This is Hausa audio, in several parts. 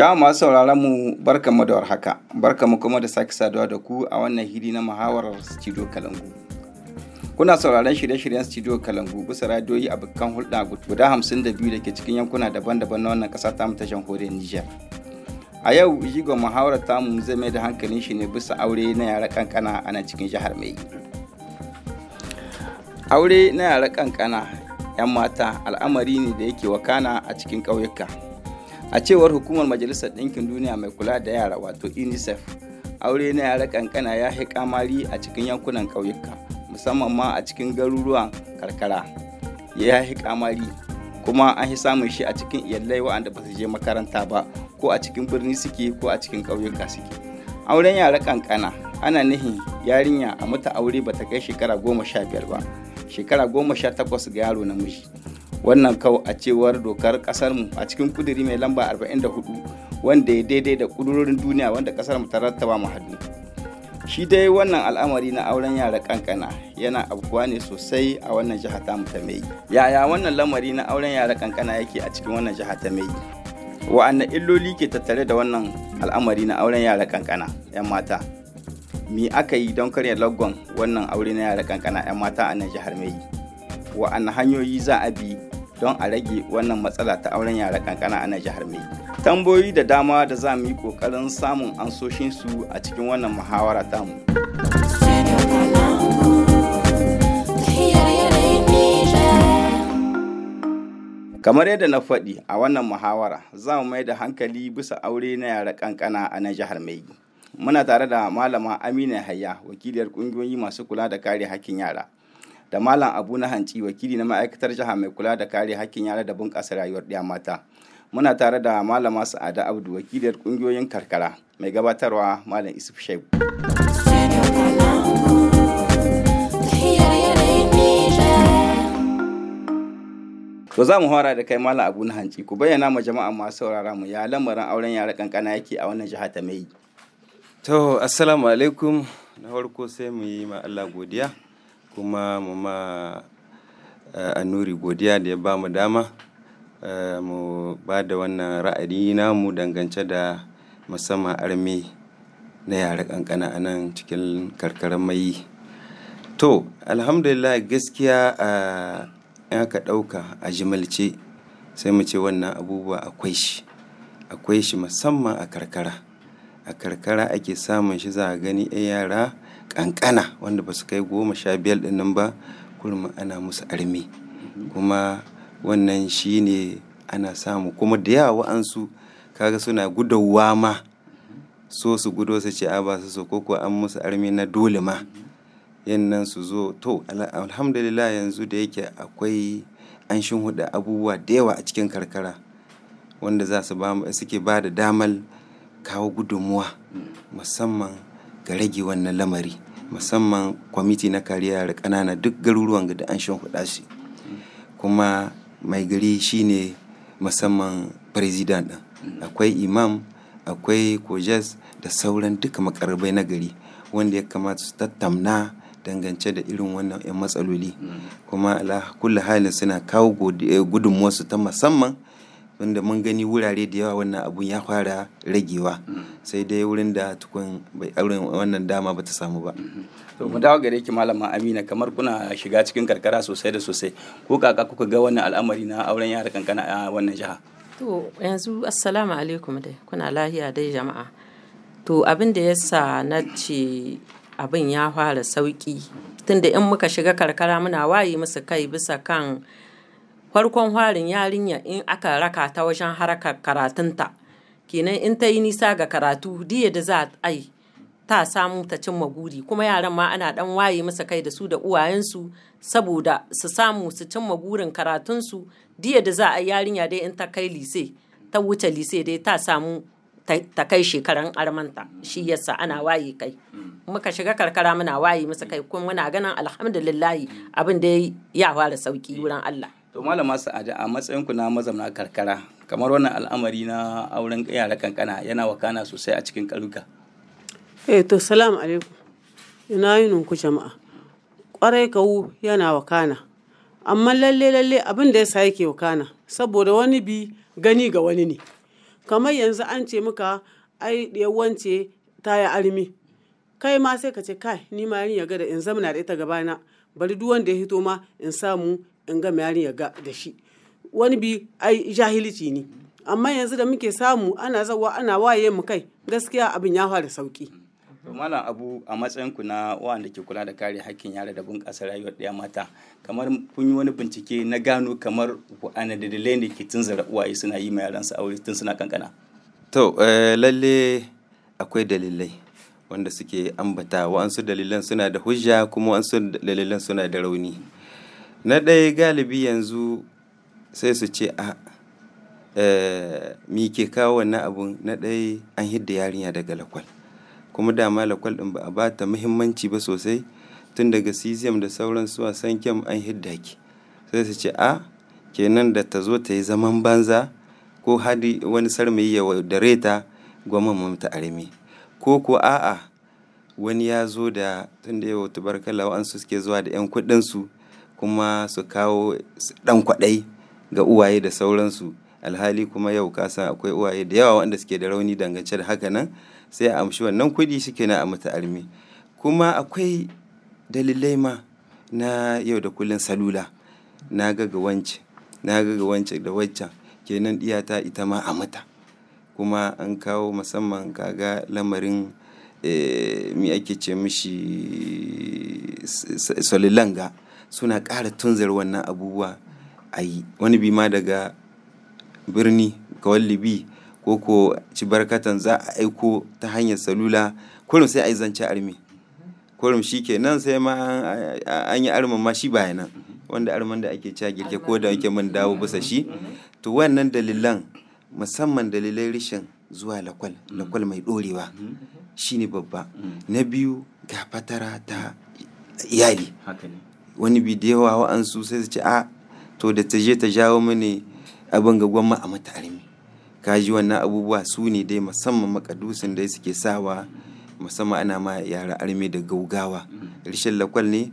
Jama masu sauraron mu barka mu da warhaka, barka mu kuma da sake saduwa da ku a wannan hili na muhawarar Studio Kalangu. Kuna sauraron shirye-shiryen Studio Kalangu bisa radiyoyi a bukkan hulɗa guda hamsin da biyu da ke cikin yankuna daban-daban na wannan ƙasa ta tashan hore Nijar. A yau jigon muhawarar tamu zai mai da hankalin shi ne bisa aure na yara kankana a nan cikin jihar Mai. Aure na yara kankana 'yan mata al'amari ne da yake wakana a cikin ƙauyuka. a cewar hukumar majalisar ɗinkin duniya mai kula da yara wato unicef aure na yara kankana ya fi kamari a cikin yankunan ƙauyuka musamman ma a cikin garuruwan karkara ya fi kamari kuma an fi samun shi a cikin iyalai waɗanda ba su je makaranta ba ko a cikin birni suke ko a cikin ƙauyuka suke auren yara kankana ana nihin yarinya a mata aure ba ta kai shekara goma sha biyar ba shekara goma sha takwas ga yaro namiji wannan kawo a cewar dokar mu a cikin kuduri mai lamba 44 wanda ya daidai da kudurorin duniya wanda kasar ta rattaba mu hadu shi dai wannan al'amari na auren yara kankana yana abubuwa ne sosai a wannan jiha ta ta mai yaya wannan lamari na auren yara kankana yake a cikin wannan jiha ta mai wa'anne illoli ke tattare da wannan al'amari na auren yara kankana 'yan mata mi aka yi don karya lagwan wannan aure na yara kankana 'yan mata a nan jihar mai wa'anne hanyoyi za a bi don a rage wannan matsala ta auren yara kankana a jihar mai tamboyi da dama da za mu yi kokarin samun ansoshin su a cikin wannan muhawara tamu kamar yadda na faɗi a wannan muhawara za mu mai da hankali bisa aure na yara kankana a nan jihar mai muna tare da malama amina hayya wakiliyar ƙungiyoyi masu kula da kare hakkin yara da Malam Abu na Hanci wakili na ma'aikatar jiha mai kula da kare hakkin yara da bunƙasa rayuwar ɗaya mata. Muna tare da Malama Sa'ada Abdu wakiliyar ƙungiyoyin karkara mai gabatarwa Malam Isuf Shaibu. To za mu fara da kai Malam Abu na Hanci ku bayyana ma jama'a masu saurara mu ya lamarin auren yara kankana yake a wannan jiha ta mai. To assalamu alaikum na farko sai mu yi ma Allah godiya. kuma mu ma eh, Annuri godiya da ya ba mu dama eh, mu ba da wannan ra'ayi namu dangance da musamman armi na yara kankana a nan cikin karkarar mayi. To, alhamdulillah gaskiya a eh, aka ɗauka a jimilce sai mu ce wannan abubuwa akwai shi, akwai shi musamman a karkara. A karkara ake samun shi za a gani 'yan yara ƙanƙana wanda ba su kai goma sha biyar ɗinnan ba kurma ana musu armi kuma wannan shi ne ana samu kuma da yawa wa'ansu kaga suna gudawa ma so su gudo su ce a ba su so ko an musu armi na dole ma yin nan su zo to alhamdulillah yanzu da yake akwai an huda abubuwa da yawa a cikin karkara wanda za su suke ba da damar kawo gudunmuwa musamman ga rage wannan lamari musamman kwamiti na kariya da ƙanana duk garuruwan da an shan hudu shi kuma mai gari shine musamman president ɗin akwai imam akwai kojas da sauran duka makarabai na gari wanda ya kamata su tattamna dangance da irin wannan 'yan matsaloli mm. kuma ala kulli halin suna kawo eh, su ta musamman wanda mun gani wurare da yawa wannan abun ya fara ragewa sai dai wurin da tukun bai auren wannan dama ba ta samu ba to mu dawo gare ki malama Amina kamar kuna shiga cikin karkara sosai da sosai ko kaka kuka ga wannan al'amari na auren yara kankana a wannan jiha to yanzu assalamu alaikum dai kuna lahiya dai jama'a to abin da yasa na ce abin ya fara sauki tunda in muka shiga karkara muna waye musu kai bisa kan farkon harin yarinya in aka raka ta wajen harkar karatunta kenan in ta yi nisa ga karatu diya da za a yi ta samu ta cimma guri kuma yaran ma ana dan waye masa kai da su da uwayensu saboda su samu su cimma burin karatunsu diya da za a yarinya dai in ta kai lise ta wuce lise dai ta samu ta kai shekaran armanta shi yasa ana waye kai muka shiga karkara muna waye masa kai kuma muna ganin alhamdulillahi abin da ya fara sauki wurin Allah to malama sa'ada a matsayin ku na mazauna karkara kamar wannan al'amari na auren yara kankana yana wakana sosai a cikin ƙauyuka eh to salam alaikum ina yi ku jama'a kwarai kawu yana wakana amma lalle lalle abin da ya sa yake wakana saboda wani bi gani ga wani ne kamar yanzu an ce muka ai wance ta yi armi kai ma sai ka ce kai ni ma yin yaga da in zamana da ita gabana bari duk wanda ya hito ma in samu in ga ya ga da shi wani bi ai jahilci ne amma yanzu da muke samu ana zawa ana waye mu kai gaskiya abin ya fara sauki malam abu a matsayinku na wanda ke kula da kare hakkin yara da bunƙasa rayuwar ɗaya mata kamar kun yi wani bincike na gano kamar ana da dalilai ne ke tun zara uwaye suna yi ma yaransu aure tun suna kankana to eh, lalle akwai dalilai wanda suke ambata wa'ansu dalilan suna da hujja kuma wa'ansu dalilan suna da rauni Na ɗaya galibi yanzu sai su ce a eh, mi ke kawo wannan abun na ɗaya an hidda yarinya daga lakwal. Kuma dama lakwal ɗin ba a ba ta muhimmanci ba sosai tun daga CZM da sauran su a san kyam an hidda ki. Sai su ce a kenan da ta zo ta yi zaman banza ko hadi wani sarmi ya dare ta gwamnan ta Ko ko a'a wani ya zo da tun da yau tabarkala wa'ansu suke zuwa da 'yan kuɗinsu kuma su kawo ɗan kwaɗayi ga uwaye da sauransu alhali kuma yau kasa akwai uwaye da yawa wanda suke da rauni dangance da haka nan sai a amshi wannan kuɗi suke na a mata armi kuma akwai dalilai ma na yau da kullun salula na gaga wance na gaga wance da waccan kenan ɗiyata ita ma a mata kuma an kawo musamman kaga lamarin eh, mi ake ce mishi solilanga suna ƙara tunzar wannan abubuwa a yi wani bi ma daga birni ga wallibi ko ko ci barkatan za a aiko ta hanyar salula kurum sai a yi zance armi kurum shi ke nan sai ma an yi arman ma shi baya nan wanda arman da ake ca girke ko da ake man dawo bisa shi to wannan dalilan musamman dalilai rishin zuwa lakwal lakwal mai ɗorewa shi ne babba na biyu ga fatara ta iyali wani bi da yawa wa'ansu sai su ce a ah, to da ta je ta jawo mini abin ga gwamma a mata armi ji wannan abubuwa su ne dai musamman makadusin da suke sawa musamman ana ma yara armi da gaugawa rishin lakwal ne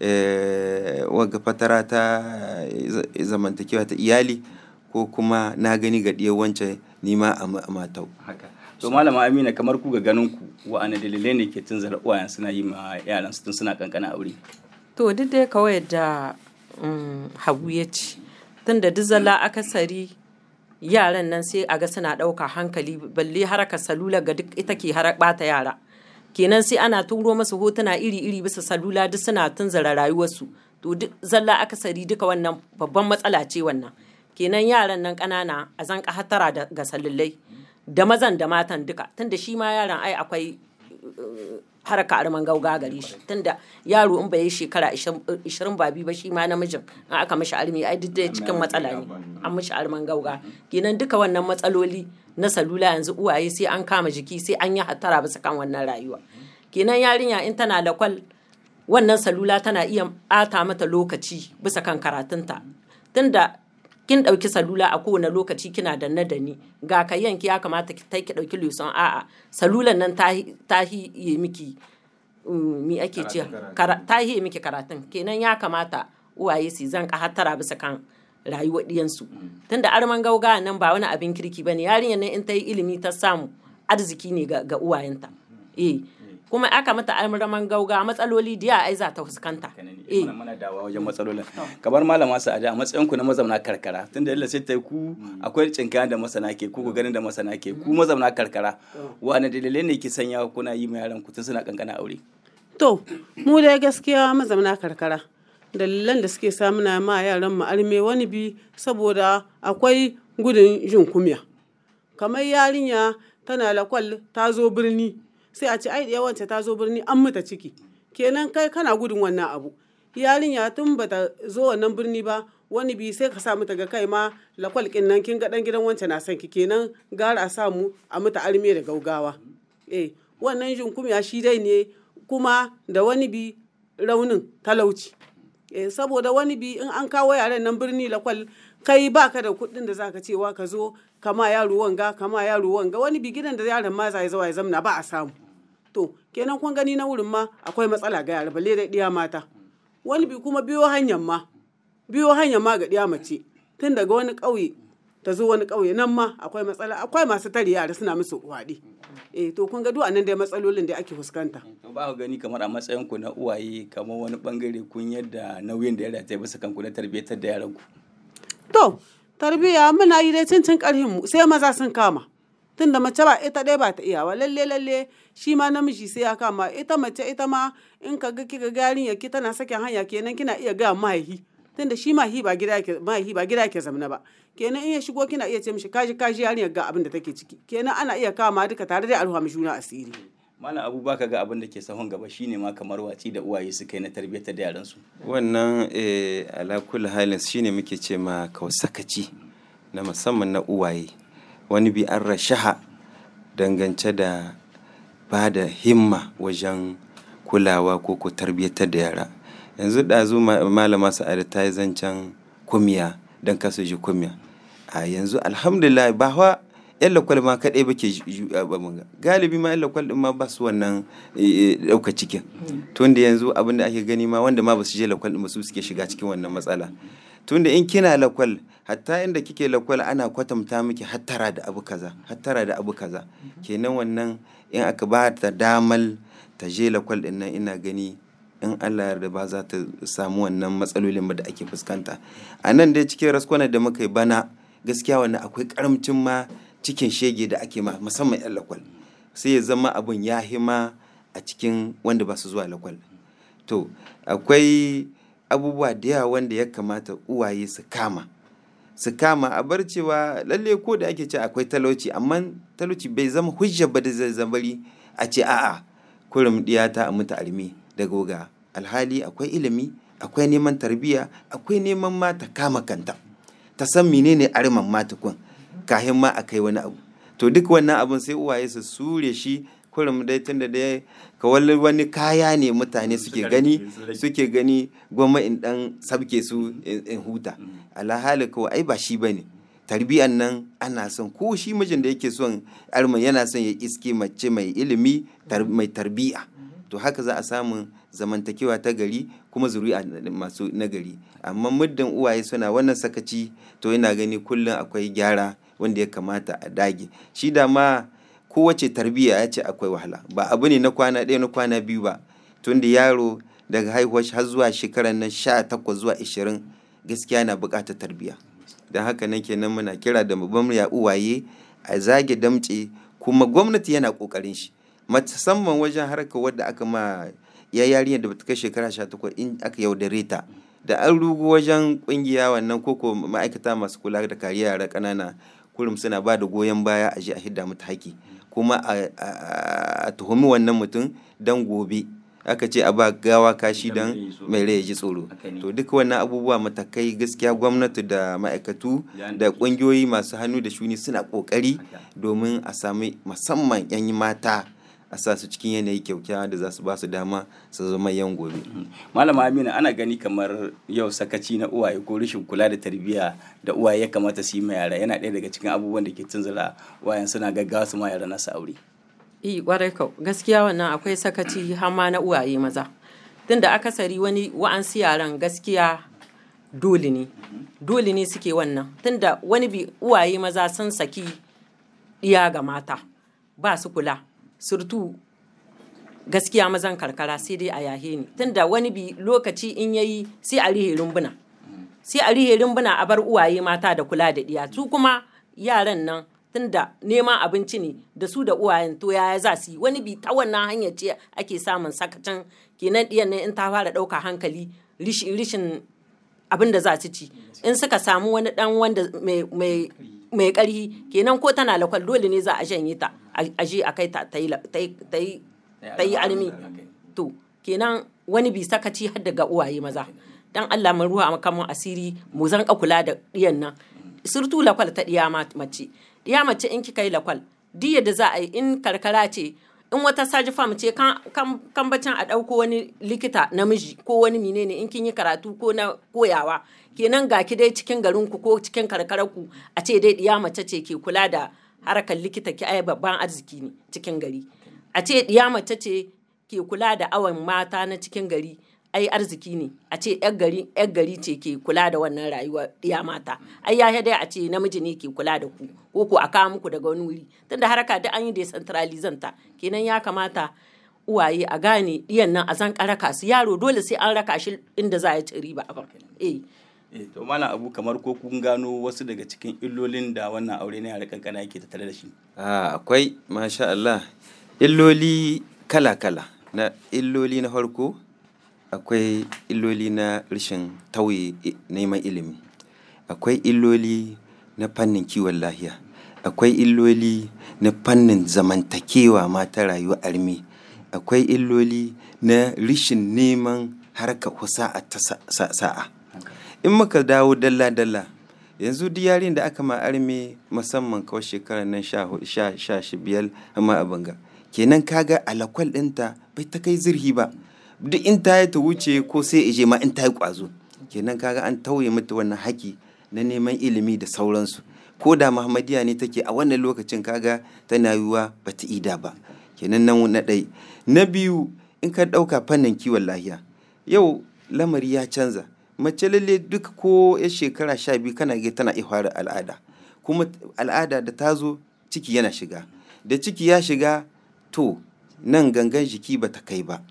eh, wagga fatara ta eh, zamantakewa ta iyali ko kuma na gani ga ɗiyar wancan nima a matau to malama amina kamar ku ga ganin ku wa'ana dalilai ne ke tun zara uwayen suna yi ma yaran su tun suna kankana aure To duk dai kawai da mm, Habu ya ce, tunda duk zalla akasari yaran nan sai a ga suna ɗauka hankali balle haraka salula ga duk ita ke bata yara. Kenan sai ana turo masu hotuna iri-iri bisa salula duk suna tunzara rayuwarsu. To duk zalla akasari duka wannan babban matsala ce wannan. Kenan yaran nan ƙanana a zanka hatara ga salulai da mazan da matan duka tunda shi ma yaran ai akwai haraka arman gauga gare shi tunda yaro in bai yi shekara 20 ba ba shi ma namijin in aka mishi armi ai duk da cikin matsala ne an mishi arman gauga ginan mm-hmm. duka wannan matsaloli na salula yanzu uwaye sai an kama jiki sai an yi hatara bisa kan wannan rayuwa mm-hmm. kenan yarinya in tana da kwal wannan salula tana iya ata mata lokaci bisa kan karatunta tunda kin ɗauki salula a kowane lokaci kina da na da ga ka yanki ya kamata ki ta ki ɗauki lusan a'a salulan nan ta hiye miki mi mm, ake ce ta yi miki karatun kenan ya kamata uwaye su zan kahatara bisa kan rayuwar ɗiyansu mm. tunda arman gauga nan ba wani abin kirki ba ne, yarinya nan in ta yi ilimi ta samu arziki ne ga uwayenta mm. eh kuma aka mata amraman gauga matsaloli diya ai za ta fuskanta eh muna dawa wajen mm. matsalolin kamar malama sa'ada a matsayin ku na mazauna karkara da yalla sai ta ku mm. akwai cinkaya da masana ke ku mm. ganin da masana ke ku mazauna karkara wani dalilai ne ke sanya kuna yi ma yaran ku tun suna kankana aure to mu dai gaskiya mazauna karkara dalilan da suke samuna ma yaran mu arme wani bi saboda akwai gudun jin kumya kamar yarinya tana lakwal ta zo birni sai a ce ai da wance ta zo birni an mata ciki kenan kai kana gudun wannan abu yarinya tun bata zo wannan birni ba wani bi sai ka sa mata ga kai ma lakwal nan kin ga dan gidan wance na san ki kenan gara a samu a mata arme da gaugawa eh wannan jinkumiya shi dai ne kuma da wani bi raunin talauci eh saboda wani bi in an kawo yaran nan birni lakwal kai baka da kuɗin da zaka cewa ka zo kama yaro wanga kama yaro wanga wani bi gidan da yaron ma zai zawa ya zamna ba a samu to kenan kun gani na wurin ma akwai matsala ga yara balle da ɗiya mata wani bi kuma biyo hanyar ma biyo hanyar ma ga diya mace tun daga wani ƙauye ta zo wani ƙauye nan ma akwai matsala akwai masu tare yara suna musu waɗi eh to kun ga duk dai matsalolin da ake fuskanta to ba ku gani kamar a matsayin ku na uwaye kamar wani bangare kun yadda nauyin da yara ta yi bisa kanku na tarbiyyatar da yaran ku to tarbiyya muna yi dai cincin cin mu sai maza sun kama tunda mace ba ita ɗaya ba ta ba lalle lalle shi ma namiji sai ya kama ita mace ita ma in ka ga kika ga yarinya ki tana sakin hanya kenan kina iya ga mahaihi tunda shi mahaihi ba gida ke ba ke zamna ba kenan in ya shigo kina iya ce mishi kaji kaji yarinya ga abin da take ciki kenan ana iya kama duka tare da alhamu juna asiri malam abu baka ga abin da ke sahun gaba shine ma kamar waci da uwaye su kai na tarbiyyar da yaran su wannan eh ala kullu halin shine muke ce ma kausakaci na musamman na uwaye wani bi an rashaha dangance da ba da himma wajen kulawa ko ko tarbiyyatar da yara yanzu ɗazu malama sa'ada ta yi zancen kumiya don kasu ji kumiya a yanzu alhamdulillah ba 'yan lakwal ma kaɗai ba ke galibi ma 'yan lakwal ɗin ma ba su wannan e, e, ɗauka cikin hmm. tun da yanzu abin da ake gani ma wanda ma ba su je lakwal ɗin ba su suke shiga cikin wannan matsala tun da in kina lakwal hatta inda kike lakwal ana kwatanta miki hattara da abu kaza hattara da abu kaza hmm. kenan wannan in aka ba ta damal ta je lakwal ɗin nan ina gani in Allah yarda ba za ta samu wannan matsalolin da ake fuskanta a nan dai cikin raskwana da muka yi bana gaskiya wannan akwai karamcin ma cikin shege da ake ma musamman 'yan lakwal sai ya zama abin ya hima a cikin wanda ba su zuwa lakwal to akwai abubuwa da yawa wanda ya kamata uwaye su kama su kama a bar cewa lalle ko da ake ce akwai talauci amma talauci bai zama hujja ba da zai a ce a'a kurum ta a mutu almi da goga alhali akwai ilimi akwai neman tarbiyya akwai neman mata kama kanta ta san menene ariman matukun kahin ma a kai wani abu to duk wannan abun sai uwaye su sure shi kurum dai tunda da ka wani kaya ne mutane suke gani suke gani goma in dan sabke su in huta mm. alhali ko ai ba shi bane tarbiyan nan ana son ko shi mijin da yake son arman yana son ya iske mace mai ilimi mai tarbiya to haka za a samu zamantakewa ta gari kuma zuri'a masu nagari amma muddin uwaye suna wannan sakaci to yana gani kullum akwai gyara wanda ya kamata a dage shi da ma kowace tarbiyya ya ce akwai wahala ba abu ne na kwana ɗaya na kwana biyu ba tun da yaro daga haihuwar har zuwa shekarar nan sha takwas zuwa ashirin gaskiya na buƙatar tarbiyya don haka nan kenan muna kira da babban ya uwaye a zage damce kuma gwamnati yana ƙoƙarin shi musamman wajen harkar wadda aka ma ya yarinyar da bata kai shekara sha takwas in aka yaudare ta da an rugu wajen ƙungiya wannan koko ma'aikata masu kula da kariya yara ƙanana kurum suna ba da goyon baya a ji a hidda mata haƙi kuma a tuhumi wannan mutum don gobe aka ce a ba gawa kashi don mai rai ji tsoro to duk wannan abubuwa matakai gaskiya gwamnati da ma'aikatu da ƙungiyoyi masu hannu da shuni suna ƙoƙari domin a sami musamman 'yan mata a sa su cikin yanayi kyaukyawa da za su ba su dama su zama yan gobe. Mm-hmm. Malama aminu ana gani kamar yau sakaci na uwaye ko rashin kula da tarbiyya da uwaye ya kamata su yi ma yara yana ɗaya daga cikin abubuwan da ke tunzura uwayen suna gaggawa su ma yara nasu aure. Eh kwarai kau gaskiya wannan akwai sakaci har ma na uwaye maza. Tunda akasari wani wa'ansu yaran gaskiya dole ne mm-hmm. dole ne suke wannan tunda wani bi uwaye maza sun saki iya ga mata ba su kula surtu gaskiya mazan karkara sai dai a yahe ne tunda wani bi lokaci in yayi sai a rihe rumbuna sai a rihe rumbuna a bar uwaye mata da kula da ɗiya su kuma yaran nan tunda neman abinci ne da su da uwayen to yaya za su yi wani bi ta wannan hanyar ce ake samun sakacin kenan diyan in ta fara ɗauka hankali rishin abin da za su ci in suka samu wani dan wanda mai ƙarhi kenan ko tana lakwal dole ne za a shanye ta a je a kai ta yi armi to kenan wani bi sakaci har daga uwaye maza dan Allah mun ruwa kamun asiri mu ka kula da diyan nan surtu lakwal ta diya mace diya mace in kika yi lakwal diya da za a yi in karkara ce in wata saji fam ce kan bacin a ɗauko wani likita namiji ko wani menene in kin yi karatu ko na koyawa kenan ga ki dai cikin garinku ko cikin karkararku a ce dai diya mace ce ke kula da harkar likita ki ai babban arziki ne cikin gari a ce ɗiya mace ce ke kula da awon mata na cikin gari ai arziki ne a ce yar gari yar gari ce ke kula da wannan rayuwa ɗiya mata ai ya dai a ce namiji ne ke kula da ku ko ko a kawo muku daga wani wuri tunda haraka duk an yi decentralizanta kenan ya kamata uwaye a gane ɗiyan nan a zan raka su yaro dole sai an raka shi inda za a ci riba eh Eh, to mana abu kamar ko kun gano wasu daga cikin illolin da wannan aure na yara kankana yake tattare da shi akwai masha Allah illoli kala-kala na illoli na farko akwai illoli na rashin tauye eh, neman ilimi akwai illoli na fannin kiwon lahiya akwai illoli na fannin zamantakewa mata rayuwa armi akwai illoli na rashin neman harkar husa'a ta sa'a in muka dawo dalla-dalla yanzu duk da aka ma arme musamman kawai shekarar nan sha shi biyar amma a banga kenan kaga alakwal ɗinta bai ta kai zirhi ba duk in ta yi ta wuce ko sai ije ma in ta yi kwazo. kenan kaga an tauye mata wannan haƙi na neman ilimi da sauransu ko da muhammadiya ne take a wannan lokacin kaga tana yiwuwa ba ta ida ba kenan nan na ɗai na biyu in ka ɗauka fannin kiwon lahiya yau lamari ya canza mace lalle duk ko ya shekara sha biyu kana ga tana iya fara al'ada kuma al'ada da ta zo ciki yana shiga da ciki ya shiga to nan gangan jiki ba ta kai ba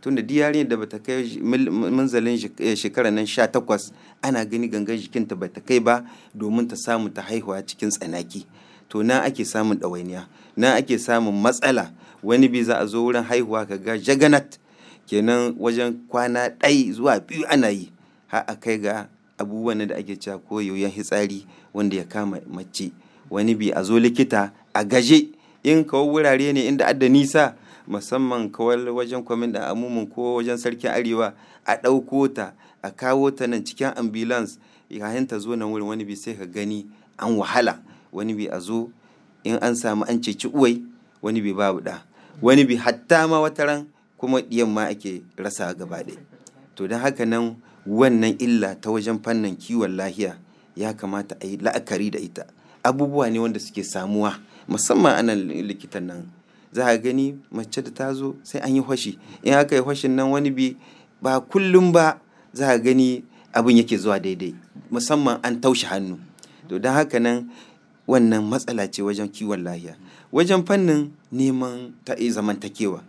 tunda da yarinyar da ba ta kai manzalin shekara eh, nan sha takwas ana gani gangan jikinta ba ta kai ba domin ta samu ta haihuwa cikin tsanaki to na ake samun ɗawainiya na ake samun matsala wani bi za a zo wurin haihuwa ka ga jaganat kenan wajen kwana ɗai zuwa biyu ana yi a kai ga abubuwan da ake cewa ko yoyon hitsari wanda ya kama mace wani bi a zo likita a gaje in kawo wurare ne inda adda nisa musamman kawal wajen kwamin da amumin ko wajen sarkin arewa a ɗauko ta a kawo ta nan cikin ambulance yayin ta zo nan wurin wani bi sai ka gani an wahala wani bi a zo in an samu an ceci uwai wani bi babu da wani bi hatta ma wataran kuma diyan ma ake rasa gaba ɗaya to don haka nan wannan illa ta wajen fannin kiwon lahiya ya kamata a yi la'akari da ita abubuwa ne wanda suke samuwa musamman anan likitan nan za a gani mace da ta zo sai an yi hwashi in aka yi hwashin nan wani bi ba kullum ba za a gani abin yake zuwa daidai musamman an taushe hannu to don haka nan wannan matsala ce wajen kiwon lahiya wajen fannin neman ta eh, zamantakewa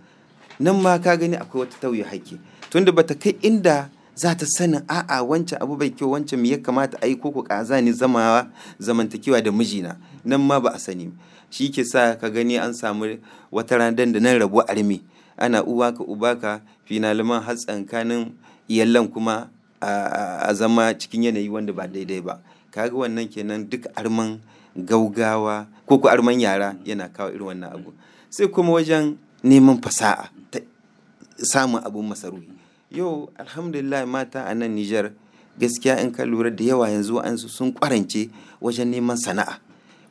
nan ma ka gani akwai wata tauye haƙƙi tunda bata kai inda za ta sanin a'a wancan abu bai kyau wancan me ya kamata a yi ko ku kaza ni zamawa zamantakewa da mijina nan ma ba a sani shi ke sa ka gani an samu wata ranar da nan rabu armi ana uwa ka uba ka finalman har tsankanin iyalan kuma a zama cikin yanayi wanda ba daidai ba kaga wannan kenan duk arman gaugawa ko ku arman yara yana kawo irin wannan abu sai kuma wajen neman fasa'a samun abun masarufi Yau alhamdulillah mata a nan Nijar gaskiya in ka lura da yawa yanzu su sun kwarance wajen neman sana'a.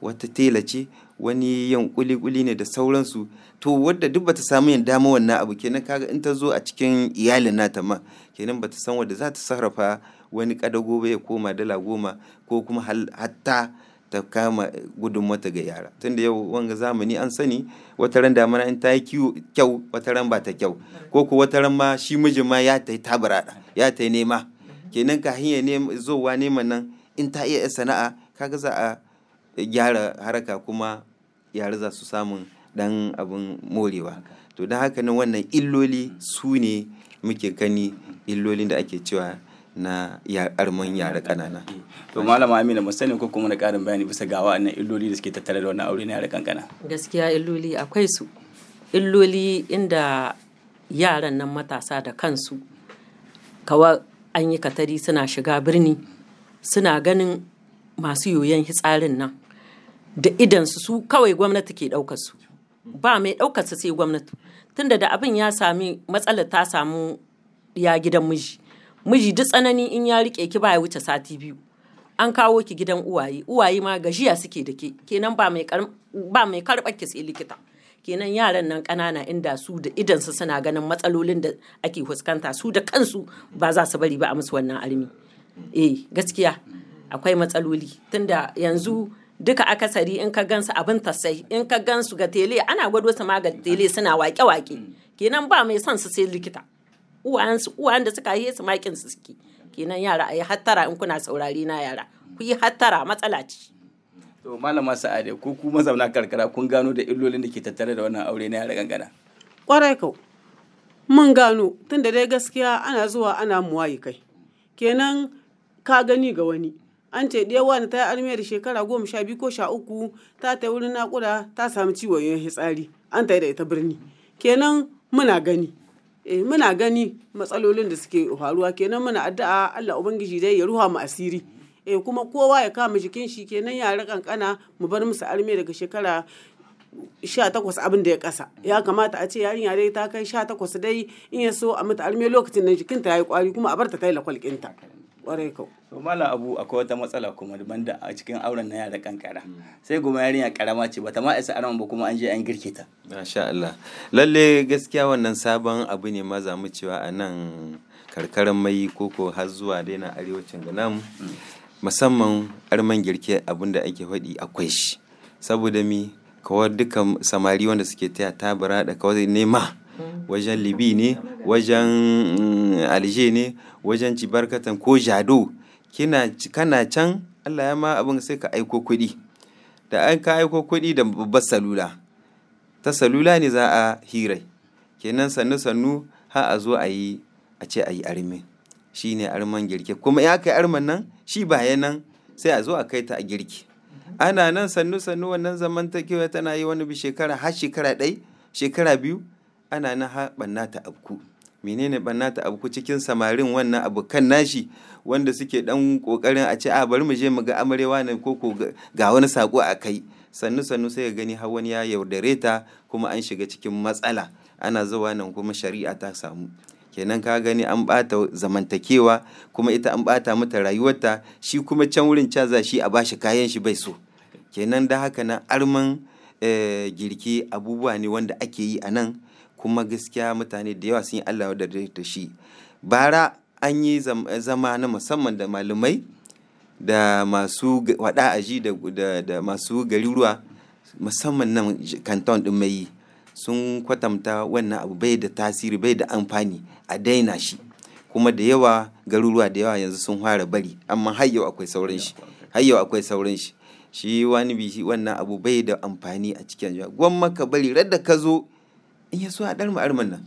Wata tela ce, wani yan kuli-kuli ne da sauransu. To wadda duk bata samu yin dama wannan abu kenan kaga in ta zo a cikin iyalin nata ma kenan bata san wadda za ta sarrafa wani kadago ba ya koma dala goma ko kuma hatta ta kama gudun ga yara tunda yau wanga zamani an sani wata ran damana in ta yi kyau wata ran ba ta kyau ko ko wata ran ma shi mijin ma ya ta yi tabarada ya ta yi nema kenan ka hanyar zowa neman nan in ta iya sana'a kaga za a gyara haraka kuma yara za su samun dan abin morewa to don haka nan wannan illoli su ne muke gani illolin da ake cewa na arman yara ƙanana. Eh, to malama Amina mu sani ko kuma na ƙarin bayani bisa gawa wa'annan illoli da suke tattare da wannan aure na yara kankana. Gaskiya illoli akwai su. Illoli inda yaran nan matasa da kansu kawa an yi katari suna shiga birni suna ganin masu yoyon hitsarin nan da idan su kawai gwamnati ke ɗaukar su ba mai ɗaukar su sai gwamnati tunda da abin ya sami matsalar ta samu ya gidan miji miji duk tsanani in ya rike ki ba ya wuce sati biyu an kawo ki gidan uwaye uwaye ma gajiya suke da ke kenan ba mai karɓar ki sai likita kenan yaran nan ƙanana inda su da idan su suna ganin matsalolin da ake fuskanta su da kansu ba za su bari ba a musu wannan armi eh gaskiya akwai matsaloli tunda yanzu duka akasari in ka gansu abin tasai in ka gansu ga tele ana gwado su ma ga tele suna wake-wake kenan ba mai son su sai likita uwan da suka yi su makin su suke kenan yara a yi hattara in kuna saurari na yara ku yi hattara matsala ce to malama sa'ade ko ku mazauna karkara kun gano da illolin da ke tattare da wannan aure na yara gangana kwarai ko mun gano tunda dai gaskiya ana zuwa ana muwayi kai kenan ka gani ga wani an ce ɗaya wani ta yi armiyar shekara goma sha biyu ko sha uku ta ta wurin naƙuda ta samu ciwon yin hitsari an ta da ita birni kenan muna gani eh muna gani matsalolin da suke faruwa kenan muna addu'a Allah ubangiji dai ya ruha mu asiri eh kuma kowa ya kama jikin shi kenan yara kankana mu bar musu arme daga shekara 18 abin da ya kasa ya kamata a ce yarinya dai ta kai sha 18 dai in ya so a mata arme lokacin nan jikinta ya yi kwari kuma a bar ta kai lakwalkinta Ƙwarai kau. To mala abu akwai wata matsala kuma banda a cikin auren na yara kankara. Sai kuma yarinya karama ce bata ma isa aron ba kuma an je an girke ta. Masha Allah. Lalle gaskiya wannan sabon abu ne ma zamu cewa a nan karkarar mai koko har zuwa daina arewacin ga nan. Musamman arman girke abinda da ake faɗi akwai shi. Saboda mi kawar dukan samari wanda suke taya tabara da kawai nema. wajen Libi ne, wajen mm, alje ne, wajen ci barkatan ko Jado. Kina kana can Allah ya ma abin sai ka aiko kuɗi. Da an ka aiko kuɗi da babbar salula. Ta salula ne za a hirai. Kenan sannu sannu ha a zo a yi a ce a yi armin Shi ne arman girke. Kuma ya kai arman nan shi baya nan sai a zo a kai ta a girki. Ana nan sannu sannu wannan zamantakewa tana yi wani bi shekara har shekara ɗai shekara biyu ana na ha ɓanna ta abku menene ɓanna ta abku cikin samarin wannan kan nashi wanda suke ɗan kokarin a ce a bari mu je mu ga amarewa ne ko ko ga wani sako a kai sannu sannu sai ga gani har wani ya yaudare ta kuma an shiga cikin matsala ana zuwa nan kuma shari'a ta samu kenan ka gani an bata zamantakewa kuma ita an bata mata rayuwarta shi kuma can wurin caza shi a bashi kayan shi bai so kenan da haka na arman eh, girki abubuwa ne wanda ake yi a nan kuma gaskiya mutane da yawa sun yi allah da da shi bara an yi zama na musamman da malamai da masu wada aji da masu garuruwa musamman nan kanton ɗin mai sun kwatanta wannan abu bai da tasiri bai da amfani a daina shi kuma da yawa garuruwa da yawa yanzu sun fara bari amma har yau akwai sauran shi har yau akwai sauran shi shi wani bishi wannan abu bai da amfani a cikin gwamma ka bari radda ka zo in ya so a ɗarmu arman nan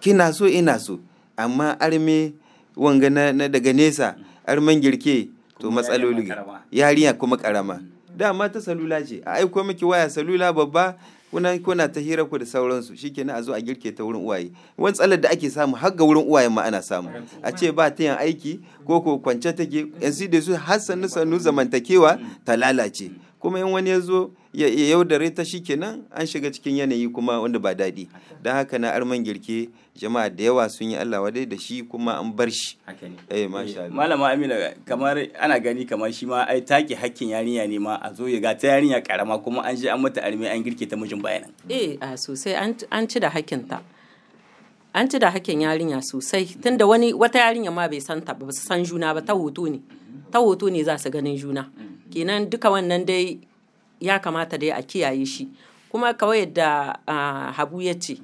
kina so ina so amma arme wanga na daga nesa arman girke to matsaloli yarinya kuma karama mm. dama ta salula ce a aiko miki waya salula babba kuna kuna ta hira ku da sauransu shi shikenan a zo a girke ta wurin uwaye wani tsallar da ake samu har ga wurin uwaye ma ana samu a ce ba ta yin aiki ko ko kwance take yanzu da su har sannu sannu zamantakewa ta lalace kuma in wani ya zo ya yaudare ta shi kenan an shiga cikin yanayi kuma wanda ba daɗi don haka na arman girke jama'a da yawa sun yi Allah wadai da shi kuma an bar shi eh masha malama Amina kamar ana gani kamar shi ma ai take hakkin yarinya ne ma a zo ya ga ta yarinya karama kuma an je an mata arme an girke ta mijin bayanan eh a sosai an ci da hakkin ta an ci da hakkin yarinya sosai tunda wani wata yarinya ma bai san ta ba san juna ba ta hoto ne ta hoto ne za su ganin juna kenan duka wannan dai ya kamata dai a kiyaye shi kuma kawai yadda habu ya ce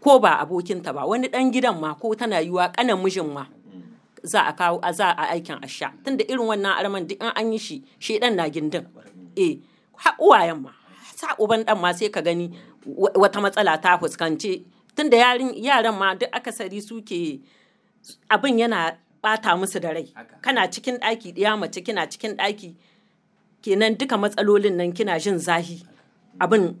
ko ba abokinta ba wani dan gidan ma ko tana yiwa kanan mijin ma za a kawo za a aikin asha tunda irin wannan arman duk an yi shi shi dan na gindin eh uwayen ma sa uban dan ma sai ka gani wata matsala ta fuskanci tunda yaran ma duk akasari suke abin yana bata musu da rai kana cikin ɗaki ɗaya mace kina cikin ɗaki kenan duka matsalolin nan kina jin zahi abin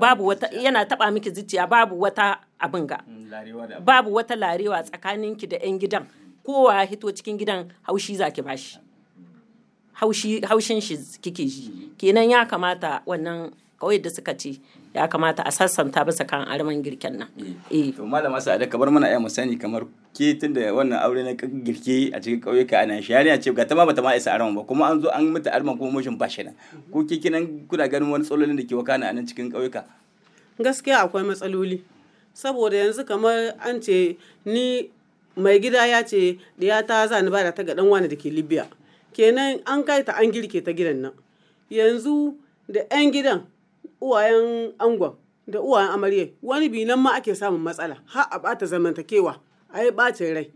babu wata yana taba miki zuciya babu wata abin ga mm, babu wata larewa tsakanin ki da 'yan gidan kowa hito cikin gidan haushi zaki bashi haushin shi kike ji mm. kenan ya kamata wannan kawai da suka ce ya kamata a sassanta bisa kan arman girken nan eh, eh. to malama da kabar mana ai mu sani kamar ke tunda wannan aure na girke a cikin ƙauyuka ana shi a ce ga ta ma bata ma isa arman ba kuma an zo an mata arman kuma mushin ba shi nan ko ke kinan kuna ganin wani tsololin da ke wakana a nan cikin ƙauyuka gaskiya akwai matsaloli saboda yanzu kamar an ce ni mai gida ya ce da ta za ni bada ta ga dan wani da ke libya kenan an kai ta an girke ta gidan nan yanzu da 'yan gidan uwayen angon da uwayen amarya wani bi nan ma ake samun matsala har a bata zamantakewa a yi bacin rai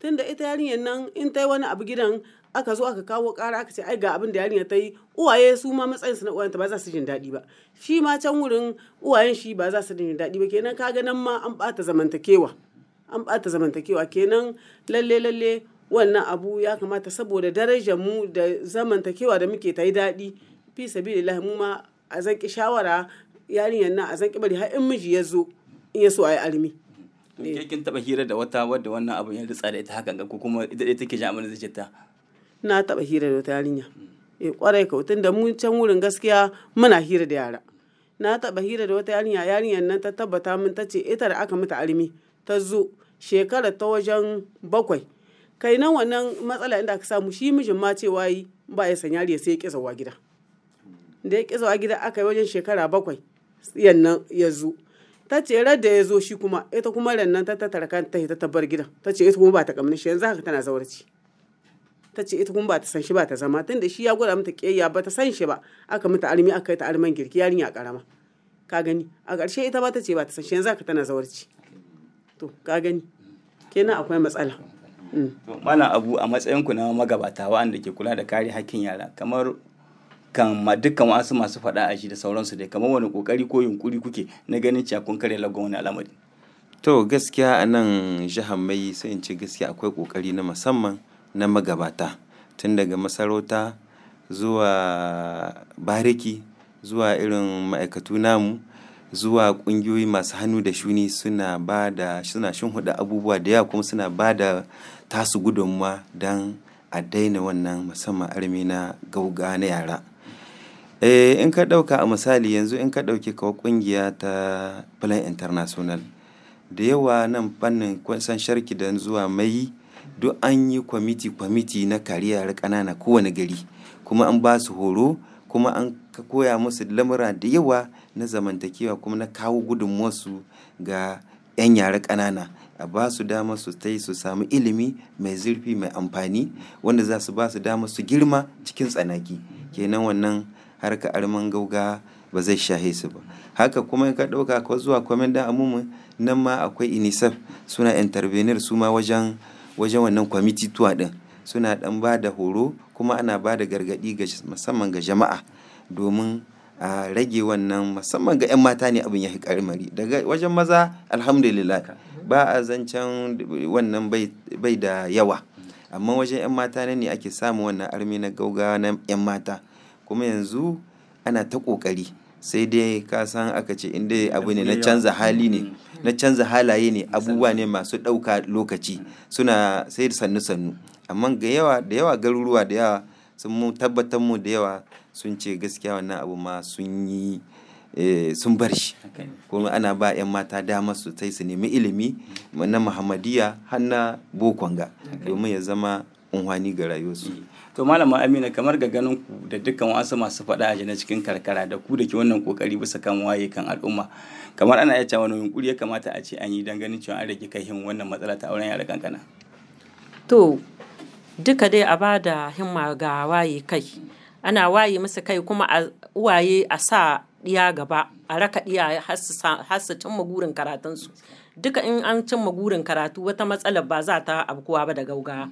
tunda ita yarinyar nan in ta yi wani abu gidan aka zo aka kawo kara aka ce ai ga abin da yarinya ta yi uwaye su ma matsayinsu na ta ba za su jin daɗi ba shi ma can wurin uwayen shi ba za su jin daɗi ba kenan kaga nan ma an bata zamantakewa an bata zamantakewa kenan lalle lalle wannan abu ya kamata saboda darajar mu da zamantakewa da muke ta yi daɗi fi da mu ma a zanki shawara yarinyar nan a zanki bari har in miji ya zo in ya so a yi alimi. ke kin taɓa hira da wata wadda wannan abu ya ritsa da ita haka ko kuma ita ita take jami'ar da ta na taɓa hira da wata yarinya eh kwarai ka tun da mun can wurin gaskiya muna hira da yara na taɓa hira da wata yarinya yarinyar nan ta tabbata min ta ce ita da aka mata alimi. ta zo shekara ta wajen bakwai kai nan wannan matsala inda aka samu shi mijin ma cewa yi ba ya san yari sai ya kisa wa gida da ya ƙi zuwa gida aka yi wajen shekara bakwai yannan ya zo ta ce rar da ya zo shi kuma ita kuma rannan ta ta tarkan ta ta bar gidan ta ce ita kuma ba ta kamni shi yanzu haka tana zawarci ta ce ita kuma ba ta san shi ba ta zama tunda shi ya gwada mata kiyayya ba ta san shi ba aka mata armi aka yi ta arman girki yarinya karama ka gani a ƙarshe ita ba ta ce ba ta san shi yanzu haka tana zawarci to ka gani kenan akwai matsala mm. malam abu a matsayinku na magabata wa'anda ke kula da kare hakkin yara kamar kan dukkan wasu masu faɗa a shi da sauransu dai kamar wani kokari ko yunkuri kuke na ganin cewa kun kare lagon wani al'amari to gaskiya a nan jihar mai sai in ce gaskiya akwai kokari na musamman na magabata tun daga masarauta zuwa bariki zuwa irin ma'aikatu namu zuwa ƙungiyoyi masu hannu da shuni suna ba da suna shunhuɗa abubuwa da yawa kuma suna ba da tasu gudunmuwa don a daina wannan musamman armi na gauga na yara Eh, in ka ɗauka a misali yanzu in ka ɗauki kawai ƙungiya ta Plan International, da yawa nan fannin kwansan sharki da zuwa mai duk an yi kwamiti-kwamiti na kariyar ƙanana kowane gari, kuma an ba su horo, kuma an koya musu lamura da yawa na zamantakewa kuma na kawo gudunmuwarsu ga 'yan yara ƙanana. a ba su dama su tai su samu ilimi mai zurfi mai amfani wanda za su ba su dama su girma cikin tsanaki kenan wannan har ka arman gauga ba zai shahe su ba haka kuma ka ɗauka ko zuwa kwamandan amumu nan ma akwai inisaf suna intervenir su ma wajen wajen wannan kwamiti tuwa ɗin suna ɗan ba da horo kuma ana ba da gargaɗi ga musamman ga jama'a domin a rage wannan musamman ga 'yan mata ne abin ya fi karmari daga wajen maza alhamdulillah ba a zancen wannan bai da yawa amma wajen 'yan mata ne ake samun wannan armi na gaugawa na 'yan mata kuma yanzu ana ta ƙoƙari sai dai ka san aka ce in dai abu ne na canza hali ne mm. na canza halaye ne abubuwa ne masu ɗauka lokaci mm. suna sai sannu sannu amma ga yawa da yawa garuruwa da yawa sun mu tabbatar mu da yawa sun ce gaskiya wannan abu ma sun yi eh, sun bar shi kuma ana ba 'yan mata dama su sai su nemi ilimi na muhammadiya hannu na bokonga domin ya zama unhwani ga rayuwarsu mm. to malama amina kamar ga ganin ku da dukkan wasu masu faɗa a na cikin karkara da ku da ke wannan kokari bisa kan waye kan al'umma kamar ana iya cewa wani yunkuri ya kamata a ce an yi don ganin cewa an rage kahin wannan matsala ta auren yara kankana to duka dai a ba da himma ga waye kai ana waye masa kai kuma a uwaye a sa ɗiya gaba a raka ɗiya har su cimma gurin karatunsu duka in an cimma gurin karatu wata matsalar ba za ta abkuwa ba da gauga